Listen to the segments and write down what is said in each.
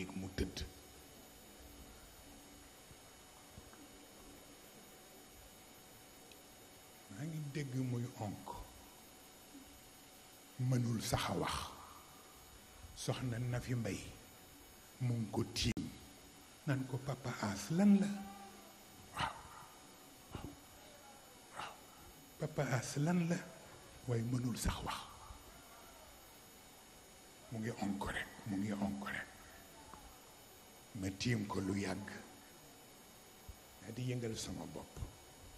néeg maa ngi dégg muy onk mënul sax a wax soxna na fi mbay mu ngi ko tiim naan ko papa as la waaw papa as la waaye mënul sax wax mu ngi onk rek mu ngi onk rek ma tiim ko lu yàgg daa di yëngal sama bopp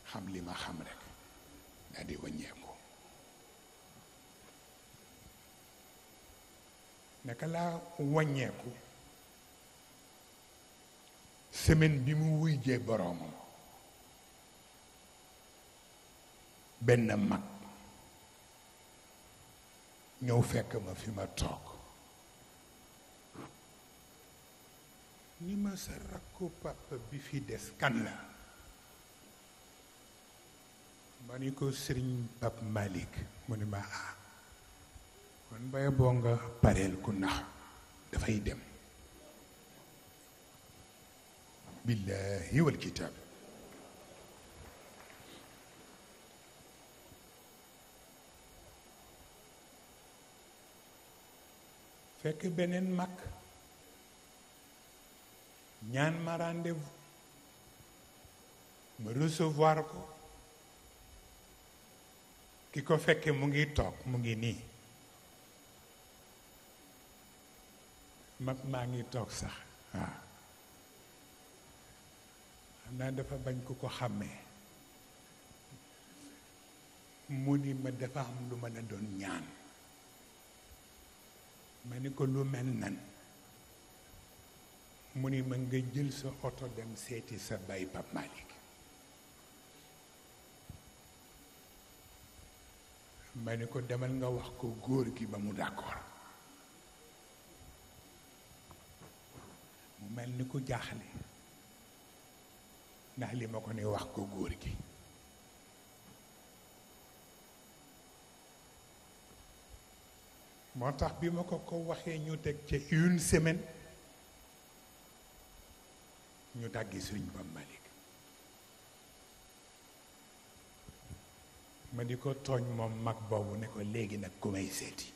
xam li ma xam rekk daa di wàññeeku naka laa wàññeeku semaine bi mu wuy jee benn mag ñëw fekk ma fi ma toog ni ma sa rakku papa bi fi des kan la ma ni ko sëriñ Pap Malick mu ni ma ah kon bay boo nga pareel ku nax dafay dem billaahi wal kitaab fekk beneen mag ñaan ma ma recevoir ko ki ko fekkee mu ngi toog mu ngi nii mag maa ngi toog sax xam naa dafa bañ ku ko xàmmee mu ni ma dafa am lu ma la doon ñaan ma ni ko lu mel nan mu ni ma nga jël sa oto dem seeti sa bay Pape Malick ma ni ko demal nga wax ko góor gi ba mu d'accord mu mel ni ku jaaxle ndax li ma ko ne wax ko góor gi moo tax bi ma ko ko waxee ñu teg ca une semaine ñu dàggi sëriñ Bam Malik ma di ko tooñ moom mag boobu ne ko léegi nag ku may seeti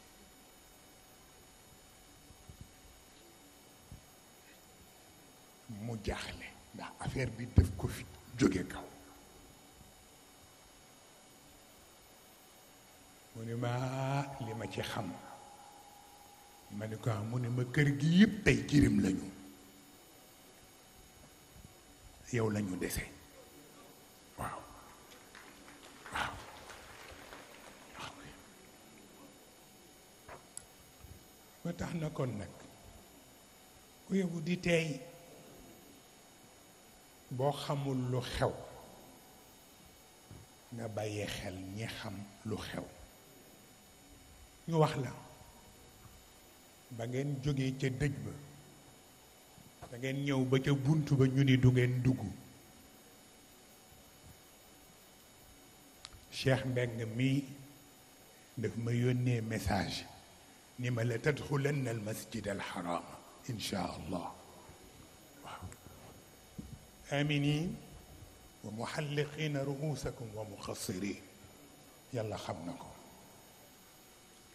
mu jaaxle ndax affaire bi def ko fi jóge kaw mu ne ma ah, li ma ci xam ma ni ko ah, mu ne ma kër gi yépp tey jirim lañu yow lañu ñu dese waaw waaw ba tax na kon nag ku yóbbu di teey boo xamul lu xew nga bàyyee xel ñi xam lu xew ñu wax la ba ngeen jógee ca dëj ba da ngeen ñëw ba ca bunt ba ñu ni du ngeen dugg Cheikh Mbeng mi daf ma yónnee message ni ma la tadxulanna al masjid al haram insha allah waaw aminin wa muxalliqina ruusakum wa muxassirin yàlla xam na ko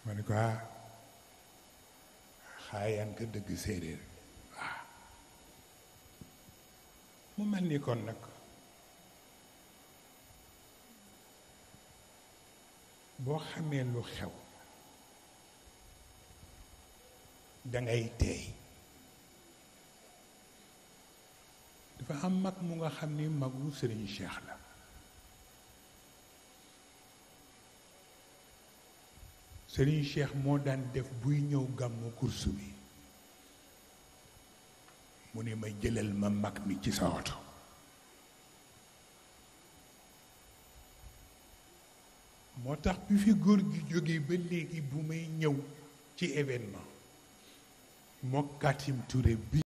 ma ko ah, xaayaan ka dëgg séeréer mu mel ni kon nag boo xamee lu xew dangay teey dafa am mag mu nga xam ni magu Sëriñ Cheikh la Sëriñ Cheikh moo daan def buy ñëw gàmmu kursu bi mu ne ma jëlal ma mag mi ci sa oto moo tax bi fi góor gi jóge ba léegi bu may ñëw ci événement moo Katim Touré bi